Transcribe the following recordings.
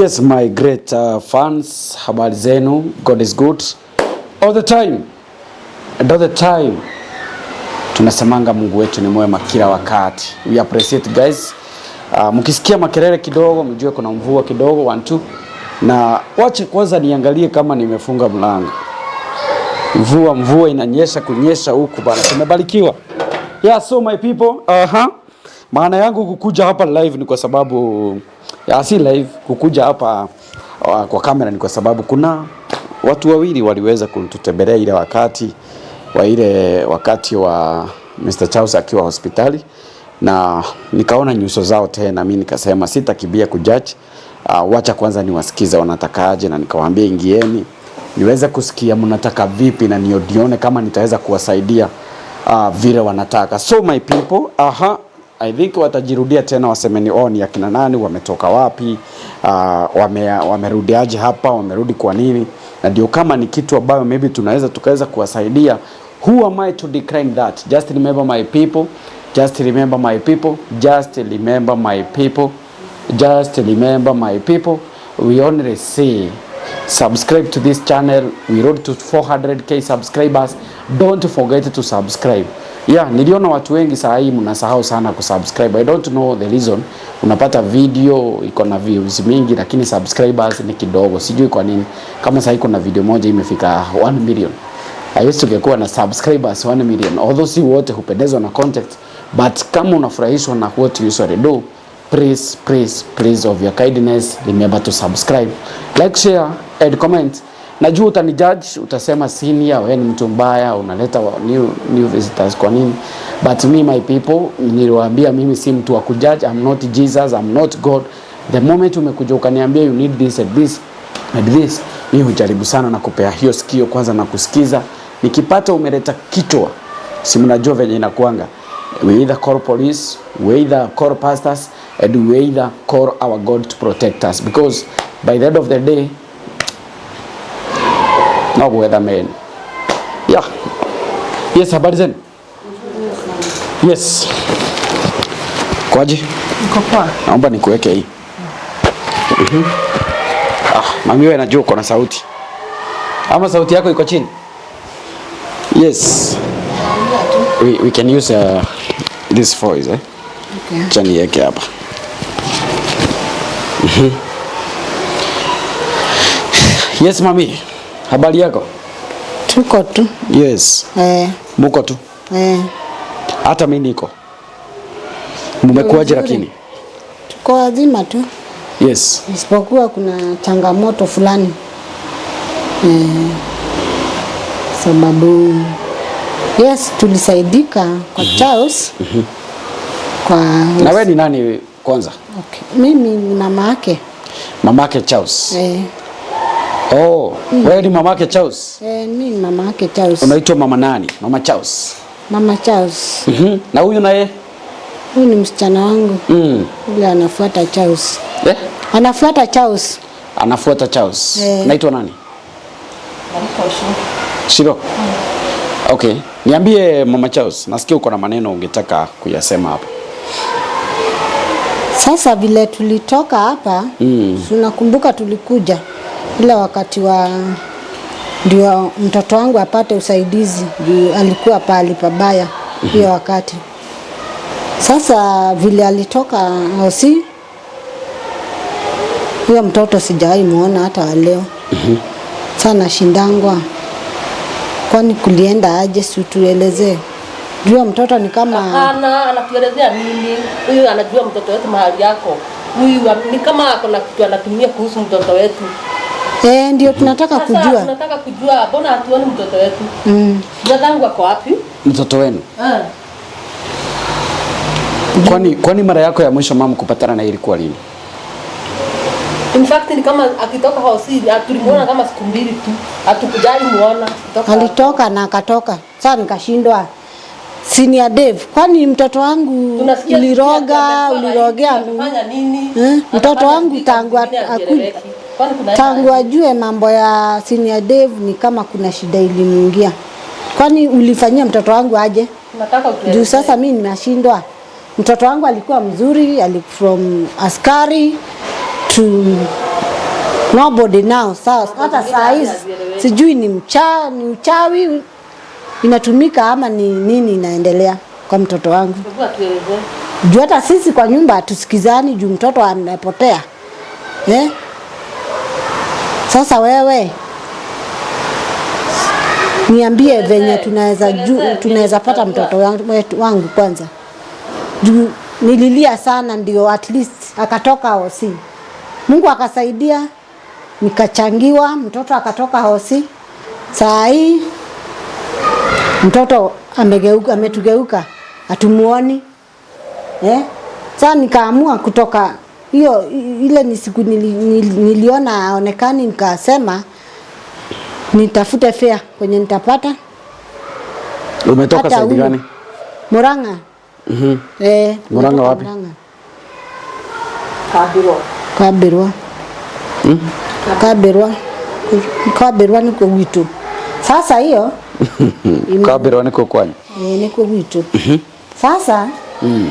Yes my great uh, fans, habari zenu. God is good all the time and all the time, tunasemanga Mungu wetu ni mwema kila wakati. We appreciate guys. Uh, mkisikia makelele kidogo mjue kuna mvua kidogo one two, na wache kwanza niangalie kama nimefunga mlango. Mvua mvua inanyesha kunyesha huku bana, tumebarikiwa. Yeah, so my people, uh -huh. Maana yangu kukuja hapa live ni kwa sababu si live kukuja hapa uh, kwa kamera ni kwa sababu kuna watu wawili waliweza kututembelea ile wakati wa ile wakati wa Mr. Charles akiwa hospitali na nikaona nyuso zao tena, mimi nikasema sitakibia kujudge. Uh, wacha kwanza niwasikize wanatakaje, na nikawaambia ingieni niweze kusikia mnataka vipi na nione kama nitaweza kuwasaidia uh, vile wanataka. So my people, aha I think watajirudia tena, waseme ni oh, ni akina nani, wametoka wapi, uh, wame, wamerudiaje hapa, wamerudi kwa nini? Na ndio kama ni kitu ambayo maybe tunaweza tukaweza kuwasaidia. Who am I to decline that? Just remember my people, just remember my people, just remember my people, just remember my people. We only see subscribe to this channel. We road to 400k subscribers. Don't forget to subscribe. Yeah, niliona watu wengi saa hii mnasahau sana kusubscribe. I don't know the reason. Unapata video iko na views mingi lakini subscribers ni kidogo. Sijui kwa nini. Kama saa hii kuna video moja imefika 1 million. I used to get kuwa na subscribers 1 million. Although si wote hupendezwa na content, but kama unafurahishwa na what you usually do, please please please of your kindness remember to subscribe, like, share and comment. Najua utanijudge, utasema senior, wewe ni mtu mbaya, unaleta new, new visitors kwa nini? But me my people, niliwaambia mimi si mtu wa kujudge, I'm not Jesus, I'm not God. The moment umekuja ukaniambia you need this and this and this, mimi hujaribu sana na kupea hiyo sikio kwanza na kusikiza. Nikipata umeleta kichwa, si mnajua venye inakuanga. We either call police, we either call pastors, and we either call our God to protect us because by the end of the day Magwetha men. Yeah. Yes, habari zenu? Yes. Kwaje? Niko poa. Naomba nikuweke hii. Mhm. Ah, mami wewe najua uko na sauti. Ama sauti yako iko chini? Yes. We, we can use uh, this voice eh? Okay. Chani yake hapa. Mhm. Yes, mami. Habari yako? Tuko tu. Yes. Eh. Muko tu. Eh. Hata mimi niko. Mmekuaje lakini? Tuko wazima tu. Yes. Isipokuwa kuna changamoto fulani. Eh. Sababu yes, tulisaidika kwa mm -hmm. Charles. Mm -hmm. Kwa Na wewe ni nani kwanza? Okay. Mimi ni mama yake. Mama yake Charles. Eh. Oh, mm. Wewe ni mama yake Charles? Eh, mimi mama yake Charles. Unaitwa mama nani? Mama Charles. Mama Charles. Mhm. Mm na huyu naye? Huyu ni msichana wangu. Mhm. Yule anafuata Charles. Eh? Anafuata Charles. Anafuata Charles. Eh. Naitwa nani? Naitwa Shiro. Shiro. Mm. Okay. Niambie mama Charles, nasikia uko na maneno ungetaka kuyasema hapa. Sasa vile tulitoka hapa, mm. tunakumbuka tulikuja ila wakati wa ndio mtoto wangu apate usaidizi, juu alikuwa pahali pabaya hiyo mm -hmm. Wakati sasa vile alitoka Osi, oh, huyo mtoto sijawahi muona hata waleo mm -hmm. Sana shindangwa, kwani kulienda aje? Si tuelezee juu mtoto ni kama ana anatuelezea nini huyu, anajua mtoto wetu mahali yako huyu, ni kama kuna kitu anatumia kuhusu mtoto wetu Eh, ndio tunataka kujua. Tunataka kujua mbona hatuoni mtoto wetu? Mm. Dadangu ako wapi? Mtoto wenu? Eh. Kwani kwani mara yako ya mwisho mama kupatana na ilikuwa lini? In fact ni kama akitoka hosi tulimuona kama siku mbili tu. Atukujali muona. Alitoka na akatoka. Sasa nikashindwa. Senior Dave, kwani mtoto wangu uliroga, ulirogea nini? Eh, mtoto wangu tangu akuje tangu ajue mambo ya senior dev ni kama kuna shida ilimuingia. Kwani ulifanyia mtoto wangu aje? Juu sasa mi nimeshindwa. Mtoto wangu alikuwa mzuri, alikuwa from askari to nobody now. Sasa hata saa hizi sijui ni mcha, ni uchawi inatumika ama ni nini inaendelea kwa mtoto wangu. Juu hata sisi kwa nyumba tusikizani juu mtoto anapotea eh? Sasa wewe niambie venye tunaweza tunaweza pata mtoto wangu kwanza, juu nililia sana, ndio at least akatoka hosi. Mungu akasaidia, nikachangiwa, mtoto akatoka hosi. Saa hii mtoto amegeuka, ametugeuka, hatumuoni eh? Sasa nikaamua kutoka hiyo ile ni siku nili, nili, niliona aonekani, nikasema nitafute fea kwenye nitapata. Umetoka saidi gani? Murang'a. Mhm. Eh, Murang'a wapi? Murang'a. Kabirwa. Kabirwa. Mhm. Kabirwa. Kabirwa niko Witu. Sasa hiyo Kabirwa niko kwani? Eh, niko Witu. Mhm. Sasa mm.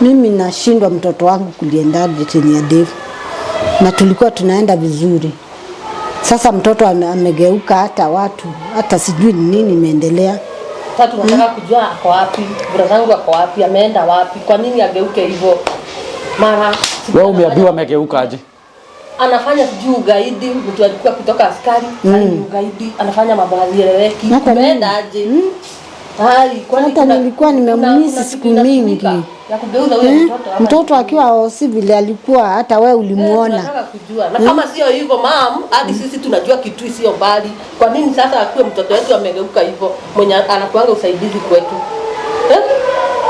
Mimi nashindwa mtoto wangu kuliendaje chenye ndevu, na tulikuwa tunaenda vizuri. Sasa mtoto amegeuka, hata watu hata sijui ni nini imeendelea. Sasa tunataka hmm, kujua ako wapi, bura zangu ako wapi, ameenda wapi, kwa nini ageuke hivyo mara? Wewe umeambiwa amegeuka aje? Anafanya sijui ugaidi, mtu alikuwa kutoka askari, hmm, ugaidi anafanya mambo hazieleweki, ameenda aje? Hmm hata nilikuwa nimemisi siku mingi hmm? Mtoto akiwa vile alikuwa hata we ulimuona eh, kujua. Na kama eh? sio hivyo mam, hadi sisi tunajua kitu sio mbali. Kwa nini sasa akiwa mtoto wetu amegeuka hivyo, mwenye anakuanga usaidizi kwetu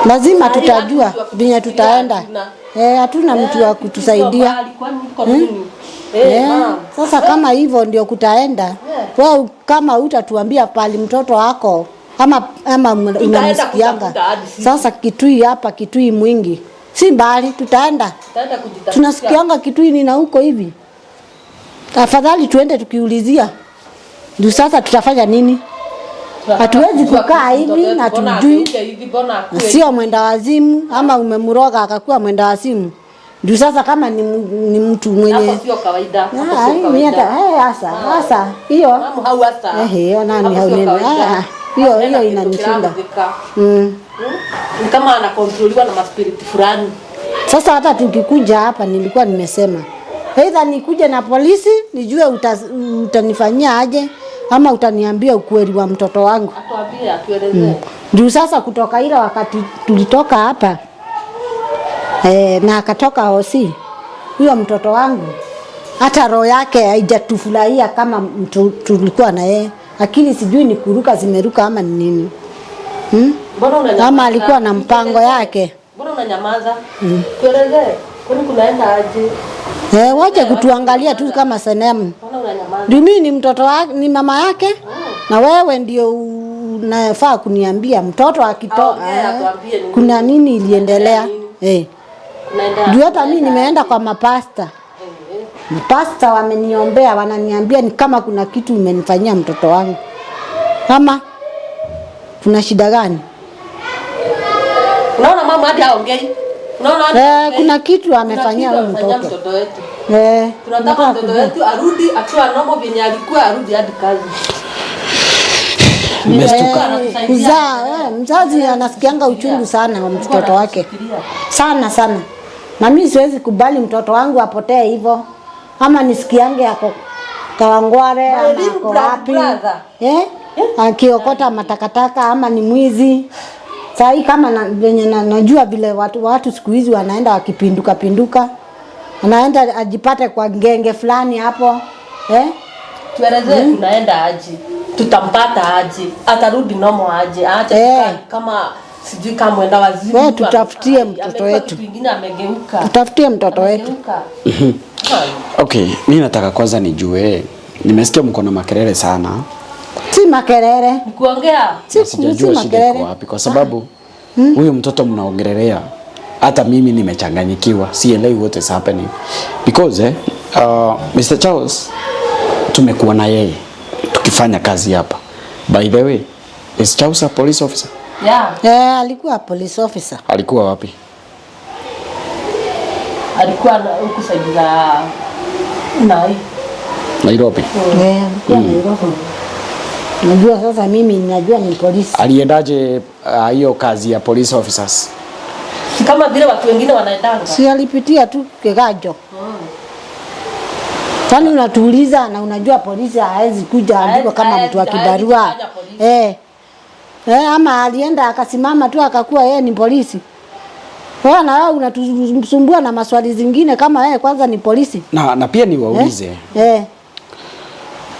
Lazima tutajua venye tutaenda. Hatuna mtu wa kutusaidia Hey, hmm? yeah. Sasa hey. Kama hivyo ndio kutaenda yeah. We kama utatuambia pali mtoto wako ama, ama unanisikianga sasa. Kitui hapa Kitui mwingi si mbali, tutaenda tunasikianga Kitui nina huko hivi, afadhali tuende tukiulizia, ndio sasa tutafanya nini? Hatuwezi kukaa hivi na tujui, sio mwenda wazimu ama umemroga akakuwa mwenda wazimu. Ndio sasa kama ni, ni mtu mwenye eh, hasa ah. hasa hiyo eh, nani hiyo hiyo inanishinda mm. mm. kama anakontroliwa na maspiriti fulani. Sasa hata tukikuja hapa, nilikuwa nimesema aidha nikuje na polisi nijue uta, utanifanyia aje ama utaniambia ukweli wa mtoto wangu atuelezee mm. juu mm. Sasa kutoka ile wakati tulitoka hapa e, na akatoka hosi huyo mtoto wangu hata roho yake haijatufurahia kama mtu tulikuwa na yeye. Lakini sijui ni kuruka zimeruka ama ni nini hmm? unanyamaza? Ama alikuwa na mpango yake. Mbona unanyamaza? Hmm. Tuelezee, kwani kunaenda aje? Eh, waje kutuangalia tu kama senemu. Ndio mimi ni mtoto wa, ni mama yake. oh. Na wewe ndio unafaa kuniambia mtoto akitoka eh, kuna nini iliendelea. Eh. Ndio hata mimi nimeenda kwa mapasta. Mpasta wameniombea, wananiambia ni kama kuna kitu umenifanyia mtoto wangu, kama kuna shida gani? Unaona mama hadi haongei. Unaona eh, kuna kitu amefanyia huyu mtoto Eh, tunataka mtoto wetu arudi akiwa nomo venye alikuwa, arudi hadi kazi. Eh, Mzaa, eh, mzazi anasikianga uchungu sana wa mtoto wake sana sana, na mimi siwezi kubali mtoto wangu apotee hivyo ama nisikiange ako Kawangware ama ako wapi eh? eh, akiokota matakataka ama ni mwizi. Saa hii kama na, venye na, najua vile watu, watu siku hizi wanaenda wakipinduka pinduka, anaenda ajipate kwa ngenge fulani hapo eh? Tuelezee hmm? Tunaenda aji, tutampata aji, atarudi nomo aji, aache eh. kama sijui kama mwenda wazimu. Wewe tutafutie mtoto wetu, tutafutie mtoto wetu. Okay, mimi nataka kwanza nijue, nimesikia mko na makelele sana. Si makelele, nikuongea sijajua shida iko wapi, kwa sababu ah. hmm? huyu mtoto mnaongelelea hata mimi nimechanganyikiwa, sielewi what is happening because eh, uh, Mr. Charles tumekuwa na yeye tukifanya kazi hapa. By the way, is Charles a police officer? Yeah. Yeah, alikuwa police officer. Alikuwa wapi? Alikuwa huko sasa Nai. Nairobi. Mm. Yeah, alikuwa mm. Nairobi. Najua sasa mimi najua ni polisi. Aliendaje ah, hiyo uh, kazi ya police officers? Si kama vile watu wengine wanaendanga. Si alipitia tu kigajo. Kwani mm. unatuuliza na unajua polisi haezi kuja andiko kama mtu wa kibarua. Eh eh, ama alienda akasimama tu akakuwa yeye ni polisi. Wewe na wewe unatusumbua na maswali zingine kama yeye kwanza ni polisi. Na, na pia niwaulize eh, eh,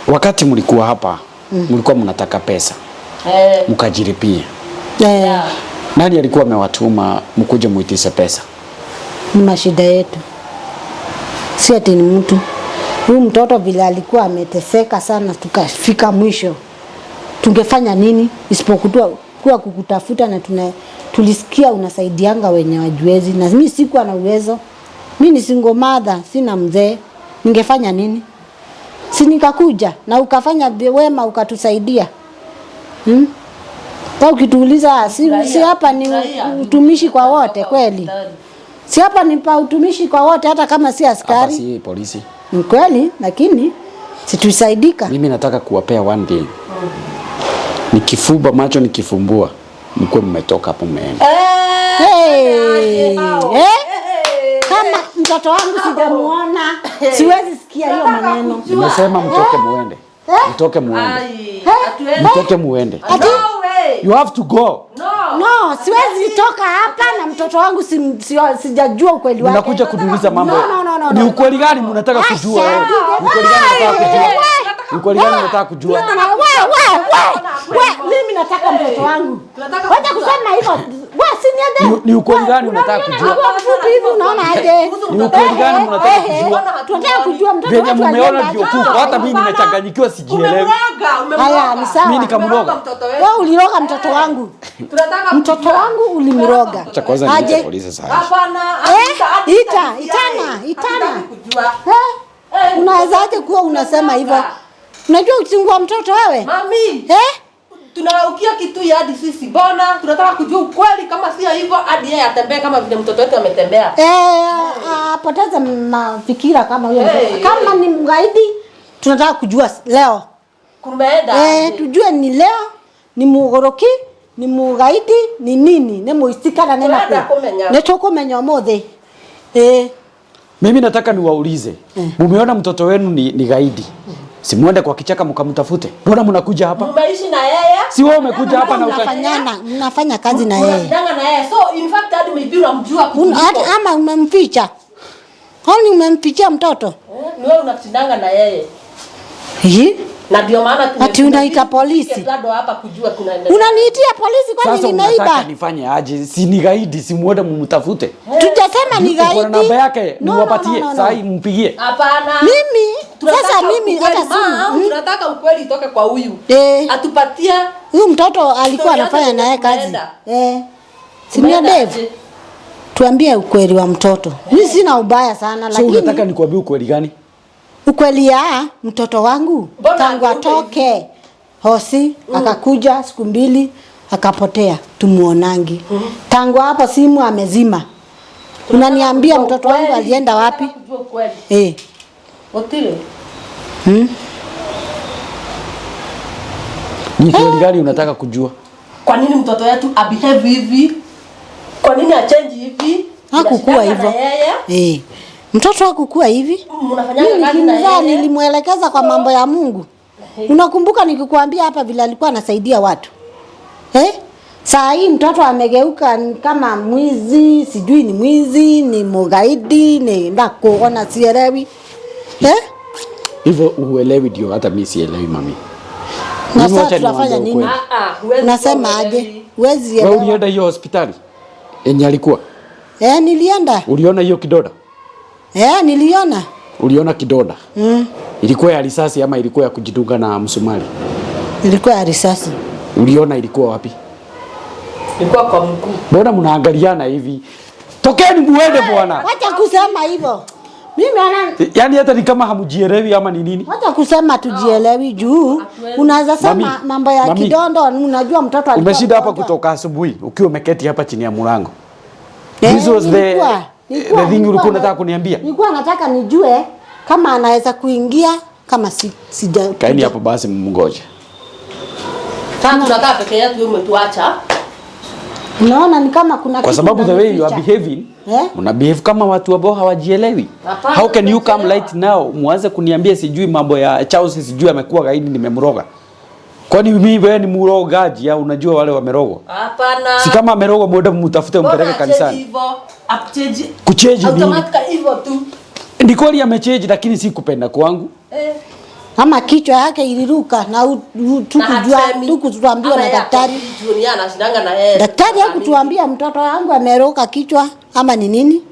wakati mlikuwa hapa mm. mlikuwa mm, mnataka pesa eh, mkajiripia eh, nani alikuwa amewatuma mkuje muitise pesa? Ni mashida yetu, si ati ni mtu huyu mtoto vile alikuwa ameteseka sana, tukafika mwisho tungefanya nini isipokuwa kuwa kukutafuta na tuna, tulisikia unasaidianga wenye wajuezi na mimi sikuwa na uwezo. Mimi ni single mother, sina mzee, ningefanya nini? Si nikakuja na ukafanya wema ukatusaidia hmm? Kwa ukituuliza si, si hapa ni utumishi kwa wote kweli? Si hapa ni pa utumishi kwa wote, hata kama si askari si polisi, ni kweli, lakini situsaidika. Mimi nataka kuwapea one day nikifumba macho nikifumbua mkuwe mmetoka hapo mmeenda. Kama mtoto wangu sijamuona, siwezi sikia hiyo maneno. Nimesema mtoke muende, mtoke muende, mtoke muende. You have to go. No, no, siwezi toka hapa na mtoto wangu si, si, sijajua ukweli wake. Mnakuja kuduliza mambo. No, no, no, no, ni ukweli gani mnataka kujua? Ukweli gani mnataka kujua? Ukweli gani unataka kujua? Mimi nataka mtoto wangu. Wacha kusema hivyo. si Ni uko gani unataka kujua? Hivi unaona aje? Ni uko gani unataka kujua? Tunataka kujua mtoto wangu. Wewe umeona ndio tu. hata mimi nimechanganyikiwa sijielewi. Haya ni sawa. Mimi nikamroga. Wewe uliroga mtoto wangu. Tunataka mtoto wangu ulimroga. Acha kwanza polisi sasa. Hapana. Eh, ita, itana, itana. Eh, eh, unawezaje kuwa unasema hivyo? Unajua uchungu wa mtoto wewe? Mami. Eh? Tunaraukia kitu ya hadi sisi. Bona, tunataka kujua ukweli kama si hivyo hadi yeye atembee kama vile mtoto wetu ametembea. Eh, hey. Eh, eh, apoteze mafikira kama huyo. Hey, kama hey, ni mgaidi tunataka kujua leo. Kumeenda. Eh, hey, tujue ni leo ni mugoroki ni mugaidi ni nini ne muisikana nena kwa. Ne choko menya mothe. Eh. Hey. Mimi nataka niwaulize. Hey. Eh. Mumeona mtoto wenu ni, ni gaidi. Hey. Mm. Si muende kwa kichaka mkamtafute. Mbona mnakuja hapa? Mbaishi na yeye. Si wewe umekuja hapa na ukafanyana, mnafanya kazi na yeye. Mnadanga na yeye. So in fact hadi umepira mjua kuliko. Ama umemficha. ni umemfichia mtoto? Eh, ni wewe unatindanga na yeye. Hii? Na ndio maana tu Ati unaita polisi. Bado hapa kujua kuna nini. Unaniitia polisi kwa nini nimeiba? Sasa nifanye aje? Si ni gaidi, si muende mumtafute. Tujasema ni gaidi. Kwa namba yake niwapatie. Sasa mpigie. Hapana. Mimi sasa mimi hata si hmm? tunataka ukweli itoke kwa huyu. Eh. Atupatia huyu mtoto alikuwa anafanya naye kazi. Eh. Simia Dev. Tuambie ukweli wa mtoto. Mimi eh. sina ubaya sana lakini. Sio unataka nikuambie ukweli gani? Ukweli ya mtoto wangu tangu atoke hosi mm. Akakuja siku mbili akapotea, tumuonangi mm. Tangu hapo simu amezima. Unaniambia mtoto wangu alienda wapi? Eh. Otile. Hmm? Eh? Ni swali gani unataka kujua? Kwa nini mtoto wetu abehave hivi? Kwa nini achange hivi? Hakukua hivyo. Eh. Mtoto hakukua hivi. Mnafanya mm, nilimwelekeza kwa mambo ya Mungu. Hey. Eh. Unakumbuka nikikwambia hapa vile alikuwa anasaidia watu. Eh? Saa hii mtoto amegeuka kama mwizi, sijui ni mwizi, ni mugaidi, ni ndakuona sielewi hivyo eh? Uelewi ndio hata mimi sielewi mami. Na sasa tunafanya nini? Ah, ah, Unasema aje? Huwezi elewa. Wewe ulienda hiyo hospitali yenye eh, alikuwa? Eh, nilienda. Uliona hiyo kidoda Eh, niliona. Uliona kidoda Mm. Ilikuwa ya risasi ama ilikuwa ya kujidunga na msumari? Ilikuwa ya risasi. Uliona ilikuwa wapi? Ilikuwa kwa mguu. Mbona mnaangaliana hivi? Tokeni muende bwana. Acha kusema hivyo. Mimi ana yaani hata ni kama hamjielewi ama ni nini? Hata kusema tujielewi juu unaweza sema mambo ya kidondo, unajua mtoto alikuwa. Umeshinda hapa kutoka asubuhi ukiwa umeketi hapa chini ya mlango. Eh, This was the the thing ulikuwa unataka kuniambia. Nilikuwa nataka nijue kama anaweza kuingia kama si, sija. Kaeni hapo basi mngoje. Tangu unakaa peke yako umetuacha. Unaona ni kama kuna kwa sababu the way you are behaving eh? Una behave kama watu ambao hawajielewi. How can you come right now muanze kuniambia sijui mambo ya Charles sijui amekuwa gaidi nimemroga. Kwani mimi wewe ni mrogaji au unajua wale wamerogwa? Hapana. Si kama amerogwa muda mtafute mpeleke kanisani. Hivyo. Kucheji. Automatically hivyo tu. Ndiko ali amecheji lakini si kupenda kwangu. Eh ama kichwa yake iliruka na tukutuambiwa na daktari. Daktari hakutuambia mtoto wangu ameruka kichwa ama ni nini,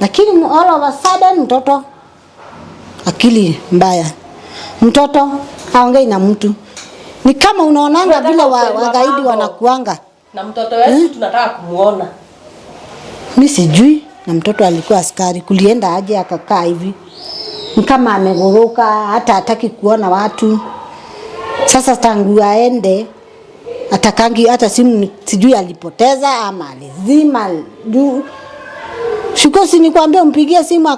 lakini all of a sudden mtoto akili mbaya, mtoto haongei na mtu. Ni kama unaonanga vile wagaidi wanakuanga na mtoto wetu hmm? Tunataka kumuona. Mi sijui na mtoto alikuwa askari, kulienda aje akakaa hivi ni kama amegoroka, hata hataki kuona watu. Sasa tangu aende atakangi hata simu, sijui alipoteza ama alizima. Shukosi, nikwambia umpigie simu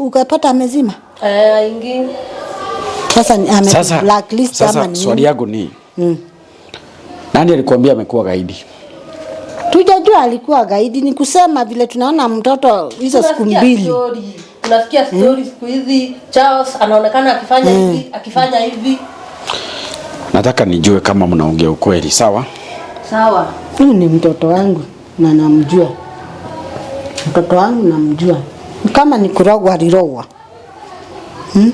ukapata amezima. Eh, sasa ame blacklist ama nini? Swali yangu ni mm. Nani alikwambia amekuwa gaidi? Tujajua alikuwa gaidi, ni kusema vile tunaona mtoto hizo siku mbili unasikia stories siku hizi Charles anaonekana akifanya hmm. hivi akifanya hivi. Nataka nijue kama mnaongea ukweli, sawa sawa. Huyu ni mtoto wangu na namjua, mtoto wangu namjua. Kama ni kurogwa alirogwa, hmm?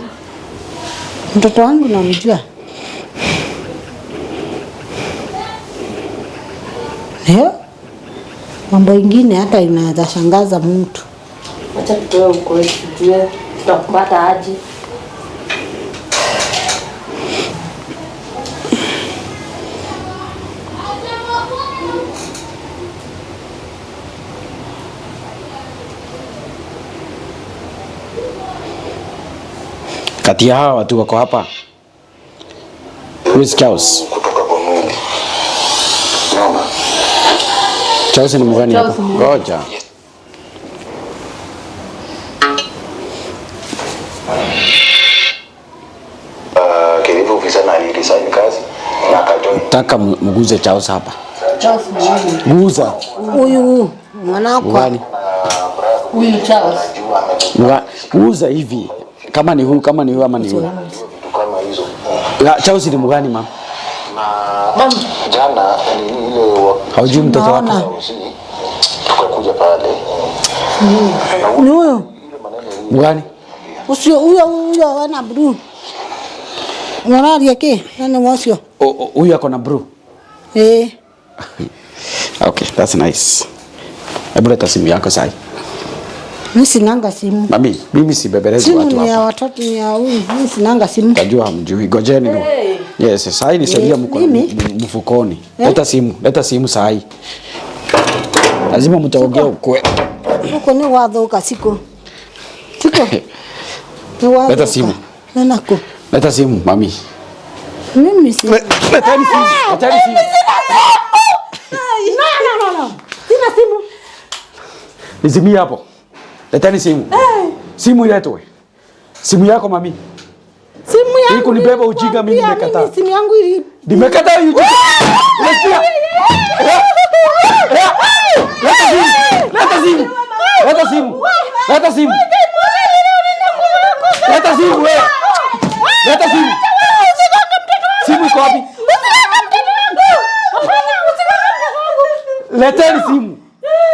mtoto wangu namjua mambo ingine hata inaweza shangaza mtu acha tutoe huko tujue tutakupata aje. Kati ya hawa watu wako hapa Chaos ni mgani hapa? Ngoja. Nataka mguze Charles hapa. Guza. Huyu mwanako. Huyu Charles. Guza hivi. Kama ni huyu, kama ni huyu ama ni huyu. Charles ni mgani mama? Na jana ni ile haujui mtoto wako. Tukakuja pale. Ni huyo. Mgani? Usio huyo huyo wana blue. Mwaria ki? Nani mwasio? Uyu ako na bro. Eh. Okay, that's nice. Ebu leta simu yako sai. Mimi sinanga simu. Mami, mimi si beberezi watu hapa. Simu ni ya watoto ni ya huyu. Mimi sinanga simu. Tajua hamjui. Gojeni. Hey. Yes, sai ni seria mfukoni. Eh? Leta simu, leta simu sai. Lazima mtaongea ukwe. Huko ni wadhoka siko. Siko. Leta simu. Nanako. Leta simu mami. Mimi simu. Leta simu. Sina simu. Nizimie hapo. Leteni simu. Simu iletwe. Simu yako mami. Simu yangu. Iko nibeba ujinga mimi nimekataa. Mimi simu yangu ili. Nimekataa ujinga. Leta. Leta simu. Leta simu. Leta simu. Leta simu. Leta simu wewe. Leta simu. Simu iko wapi? Leteni simu.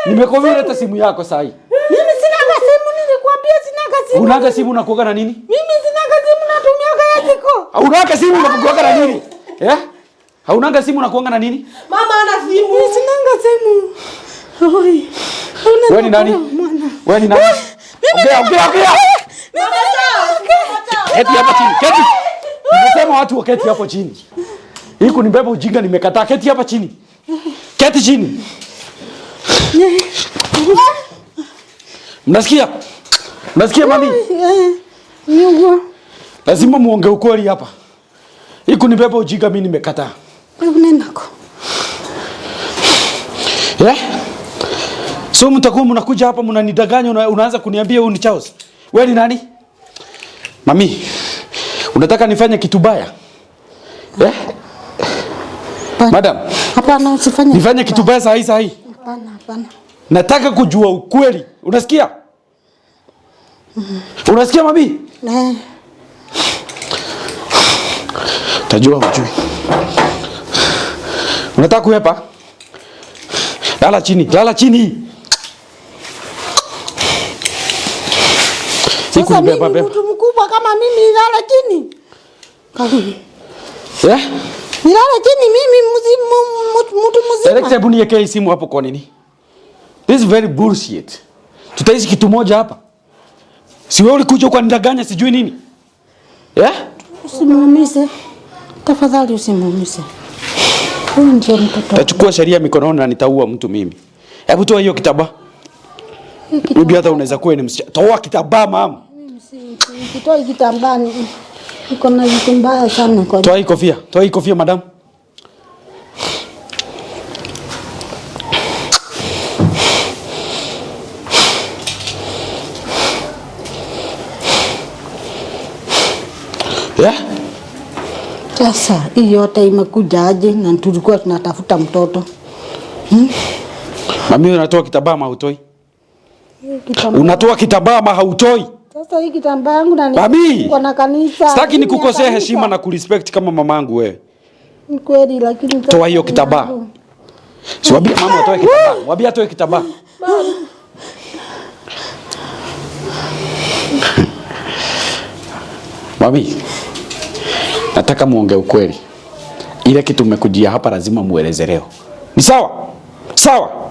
Nimekwambia leta simu yako sasa hii. Mimi sina simu, nilikwambia sina simu. Unaga simu na kuoga na nini? Mimi sina simu natumia kwa yako. Ah, unaga simu na na nini? Eh? Haunanga ah, simu na na nini? Mama ana simu. Mimi sina simu. Oi. Wewe ni nani? Wewe ni nani? Ongea, ongea, ongea. Keti hapo chini. Keti. Nimesema watu waketi hapo chini. Hii kunibeba ujinga nimekataa. Keti hapa chini. Keti chini. Mnasikia? Mnasikia mami? Niugua. Lazima muonge ukweli hapa. Hii kunibeba ujinga mimi nimekataa. Unendako. Eh? So mtakuwa mnakuja hapa mnanidanganya, unaanza kuniambia huu ni chaos. We ni nani? Mami, unataka nifanye kitu baya? Eh? Madam. Hapana, usifanye. Nifanye kitu baya saa hii saa hii. Hapana, hapana. Nataka kujua ukweli. Unasikia? Mm. Unasikia mami? Eh. Tajua ujui. Unataka kuhepa? Lala chini, lala chini. Sasa mimi mtu mkubwa kama mimi chini. Eh? chini mimi mzimu mtu mzima. hebu niekee simu hapo kwa nini? This is very bullshit. Tutaishi kitu moja hapa. Si wewe ulikuja kwa nidanganya sijui nini. Eh? Usimuumize. Tafadhali usimuumize. Huyu ndio mtoto. Tachukua sheria mikononi na nitaua mtu mimi. Hebu toa hiyo kitaba. Mimi hata unaweza kuwa ni msichana. Toa kitaba mama. Nikitoa kitambaa niko na vitu mbaya sana Toa hii kofia, toa hii kofia madam. Eh? Sasa hii yote imekuja aje na tulikuwa tunatafuta mtoto hmm? Mami, unatoa kitambaa ama hautoi? Unatoa kitambaa ama hautoi? Sasa hii kitambaa yangu na Babi. Na kanisa. Sitaki nikukosea heshima na kurespect kama mamangu wewe. Ni kweli lakini toa hiyo kitambaa. Siwambie mama atoe kitambaa. Mwambie atoe kitambaa. Babi. Nataka muongee ukweli. Ile kitu mmekujia hapa lazima mueleze Ni sawa? Sawa.